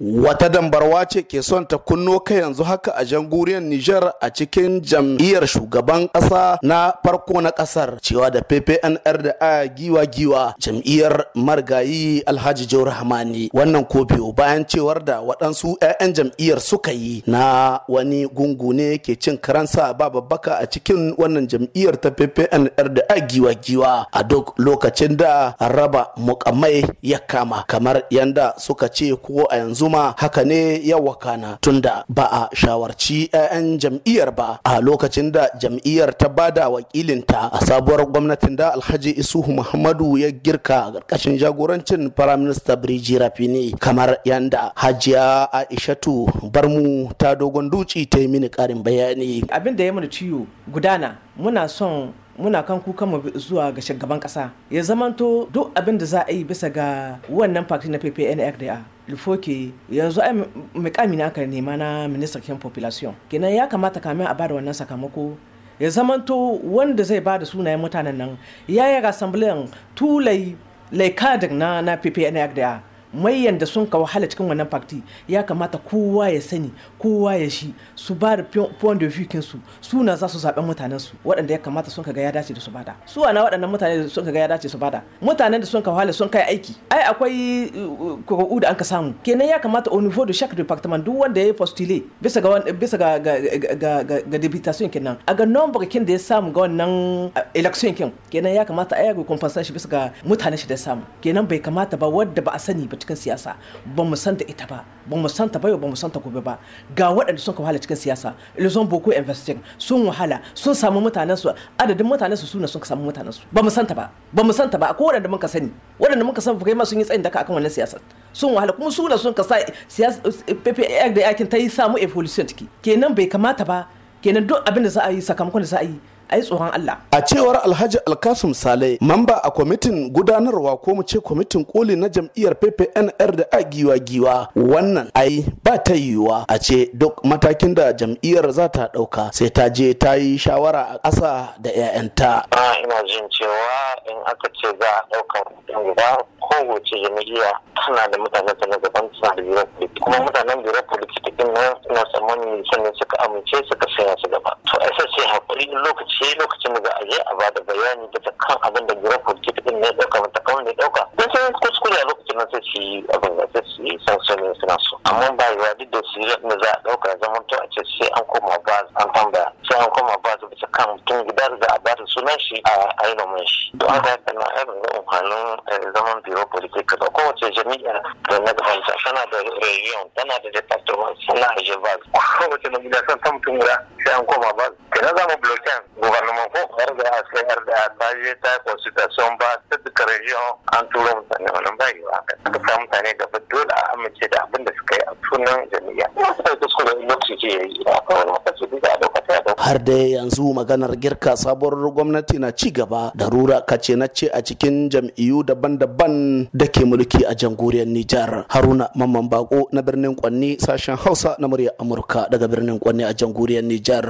Wata dambarwa ce ke son ta kunno kai yanzu haka a janguriyar Nijar a cikin jam'iyyar shugaban ƙasa na farko na ƙasar cewa da PPNR da a giwa-giwa jam'iyyar Marigayi Alhaji Jauro Hamani wannan ko biyu bayan cewar da waɗansu 'ya'yan jam'iyyar suka yi na wani gungu ne ke cin karansa ba babbaka a cikin wannan jam'iyyar ta PPNR da a giwa-giwa a duk lokacin da raba mukamai ya kama kamar yanda suka ce ko a yanzu zuma haka ne ya wakana tunda ba a shawarci 'ya'yan jam'iyyar ba a lokacin da jam'iyyar ta bada wakilinta a sabuwar gwamnatin da alhaji isuhu muhammadu ya girka a ƙarƙashin jagorancin firaminista birji rafini kamar yanda hajiya aishatu barmu ta dogon duci ta yi mini ƙarin bayani abin da ya mana ciwo gudana muna son muna kan kukan mu zuwa ga shugaban kasa ya zamanto duk abin da za a yi bisa ga wannan fakti na PPNR da lufoke yanzu ai mukami na aka nema na minister kin population kenan ya kamata kamin a bada wannan sakamako ya zamanto wanda zai bada sunayen mutanen nan ya yi assembly tulai laikadin na na PPNR mayan da sun ka wahala cikin wannan fakti ya kamata kowa ya sani kowa ya shi su ba da point of view kinsu su na za su zaɓen mutanen su waɗanda ya kamata sun ka ga ya dace da su bada su ana waɗannan mutane da sun ka ga ya dace su bada mutanen da sun ka wahala sun kai aiki ai akwai uh, uh, kuru'u da an ka samu kenan ya kamata au niveau de chaque département duk wanda ya yi postulé bisa ga bisa ga ga ga députation kenan a ga nombre kin da ya samu ga wannan uh, election kin kenan ya kamata ai ga compensation bisa ga mutanen shi da samu kenan bai kamata ba wanda ba a sani ba cikin siyasa ba mu san ita ba ba mu santa ta ba ba mu san ta gobe ba ga waɗanda sun wahala cikin siyasa ilizon boko investing sun wahala sun samu mutanen su adadin mutanen su suna sun samu mutanen su ba mu san ta ba ba mu san ta ba akwai waɗanda muka sani waɗanda muka san fukai ma sun yi tsayin daka akan wannan siyasa sun wahala kuma suna sun kasa siyasa PPR da yakin ta yi samu evolution ciki kenan bai kamata ba kenan duk abin da za a yi sakamakon da za a yi ai tsohon Allah. A cewar Alhaji Alkasim Sale, mamba a kwamitin gudanarwa ko mu ce kwamitin koli na jam'iyyar PPNR da a giwa giwa wannan ai ba ta yiwuwa a ce duk matakin da jam'iyyar za ta ɗauka sai ta je ta yi shawara a ƙasa da 'ya'yanta. Ina jin cewa in aka ce za a ɗaukar ko wace jam'iyya tana da mutanen ta na gaban suna da biro kuma mutanen biyar kuɗi, cikin nan na tsammani sannan suka amince suka sanya su gaba. ba da bayani da kan abin da bureau politik ta ne dauka matakan ne dauka don sai kuskure a lokacin nan sai su yi abin da sai su yi sansanin suna so amma ba yawa duk da su yi da za a dauka ya zama to a ce sai an koma ba an tambaya sai an koma ba su bisa kan mutum gida da a ba da sunan shi a yi noman shi to haka ya kana irin da eh, zaman biro politik da kowace jami'a da na gabanta tana da rayon tana da department tana da jebaz kowace na gida san ta mutum guda sai an koma ba na mu blokin gouvernement ko har da askar da baje ta constitution ba ta duka region an turo mutane wannan yi ba ka sa mutane da dole a amince da abin da suka yi a sunan jami'a ya ke yi a kawai lokaci har da yanzu maganar girka sabuwar gwamnati na ci gaba da rura kace na ce a cikin jam'iyyu daban-daban da ke mulki a jamhuriyar Nijar. Haruna Mamman Bako na birnin Kwanni sashen Hausa na murya Amurka daga birnin Kwanni a jamhuriyar Nijar.